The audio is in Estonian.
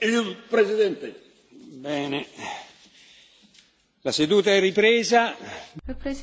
il presidente. bene la seduta è ripresa.